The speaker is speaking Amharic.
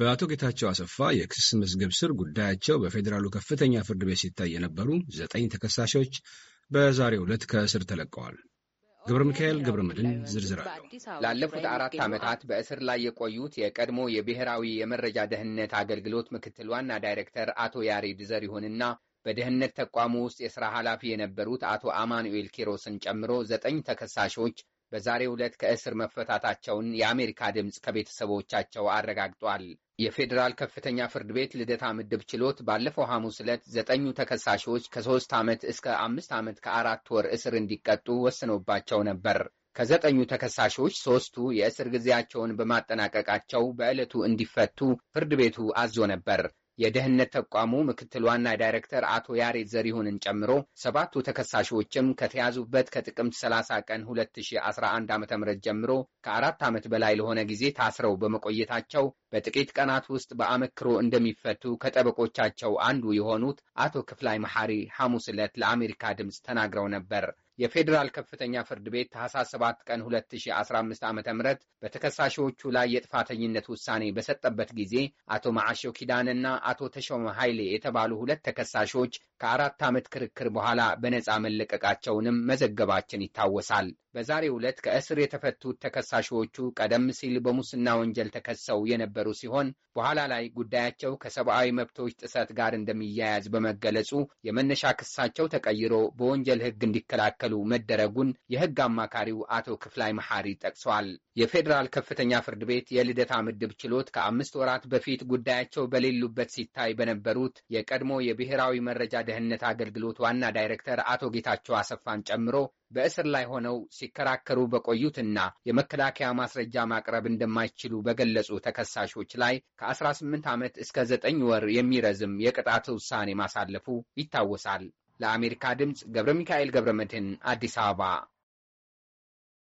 በአቶ ጌታቸው አሰፋ የክስ መዝገብ ስር ጉዳያቸው በፌዴራሉ ከፍተኛ ፍርድ ቤት ሲታይ የነበሩ ዘጠኝ ተከሳሾች በዛሬው ዕለት ከእስር ተለቀዋል። ገብረ ሚካኤል ገብረ መድን ዝርዝር አለው። ላለፉት አራት ዓመታት በእስር ላይ የቆዩት የቀድሞ የብሔራዊ የመረጃ ደህንነት አገልግሎት ምክትል ዋና ዳይሬክተር አቶ ያሬድ ዘሪሁንና በደህንነት ተቋሙ ውስጥ የሥራ ኃላፊ የነበሩት አቶ አማኑኤል ኪሮስን ጨምሮ ዘጠኝ ተከሳሾች በዛሬ ዕለት ከእስር መፈታታቸውን የአሜሪካ ድምፅ ከቤተሰቦቻቸው አረጋግጧል። የፌዴራል ከፍተኛ ፍርድ ቤት ልደታ ምድብ ችሎት ባለፈው ሐሙስ ዕለት ዘጠኙ ተከሳሾች ከሦስት ዓመት እስከ አምስት ዓመት ከአራት ወር እስር እንዲቀጡ ወስኖባቸው ነበር። ከዘጠኙ ተከሳሾች ሦስቱ የእስር ጊዜያቸውን በማጠናቀቃቸው በዕለቱ እንዲፈቱ ፍርድ ቤቱ አዞ ነበር። የደህንነት ተቋሙ ምክትል ዋና ዳይሬክተር አቶ ያሬድ ዘሪሁንን ጨምሮ ሰባቱ ተከሳሾችም ከተያዙበት ከጥቅምት 30 ቀን 2011 ዓ ም ጀምሮ ከአራት ዓመት በላይ ለሆነ ጊዜ ታስረው በመቆየታቸው በጥቂት ቀናት ውስጥ በአመክሮ እንደሚፈቱ ከጠበቆቻቸው አንዱ የሆኑት አቶ ክፍላይ መሐሪ ሐሙስ ዕለት ለአሜሪካ ድምፅ ተናግረው ነበር። የፌዴራል ከፍተኛ ፍርድ ቤት ታህሳስ 7 ቀን 2015 ዓ ም በተከሳሾቹ ላይ የጥፋተኝነት ውሳኔ በሰጠበት ጊዜ አቶ ማዓሾ ኪዳንና አቶ ተሾመ ኃይሌ የተባሉ ሁለት ተከሳሾች ከአራት ዓመት ክርክር በኋላ በነፃ መለቀቃቸውንም መዘገባችን ይታወሳል። በዛሬ ዕለት ከእስር የተፈቱት ተከሳሾቹ ቀደም ሲል በሙስና ወንጀል ተከሰው የነበሩ ሲሆን በኋላ ላይ ጉዳያቸው ከሰብአዊ መብቶች ጥሰት ጋር እንደሚያያዝ በመገለጹ የመነሻ ክሳቸው ተቀይሮ በወንጀል ሕግ እንዲከላከሉ መደረጉን የሕግ አማካሪው አቶ ክፍላይ መሐሪ ጠቅሰዋል። የፌዴራል ከፍተኛ ፍርድ ቤት የልደታ ምድብ ችሎት ከአምስት ወራት በፊት ጉዳያቸው በሌሉበት ሲታይ በነበሩት የቀድሞ የብሔራዊ መረጃ ደህንነት አገልግሎት ዋና ዳይሬክተር አቶ ጌታቸው አሰፋን ጨምሮ በእስር ላይ ሆነው ሲከራከሩ በቆዩትና የመከላከያ ማስረጃ ማቅረብ እንደማይችሉ በገለጹ ተከሳሾች ላይ ከ18 ዓመት እስከ 9 ወር የሚረዝም የቅጣት ውሳኔ ማሳለፉ ይታወሳል። ለአሜሪካ ድምፅ ገብረ ሚካኤል ገብረ መድህን አዲስ አበባ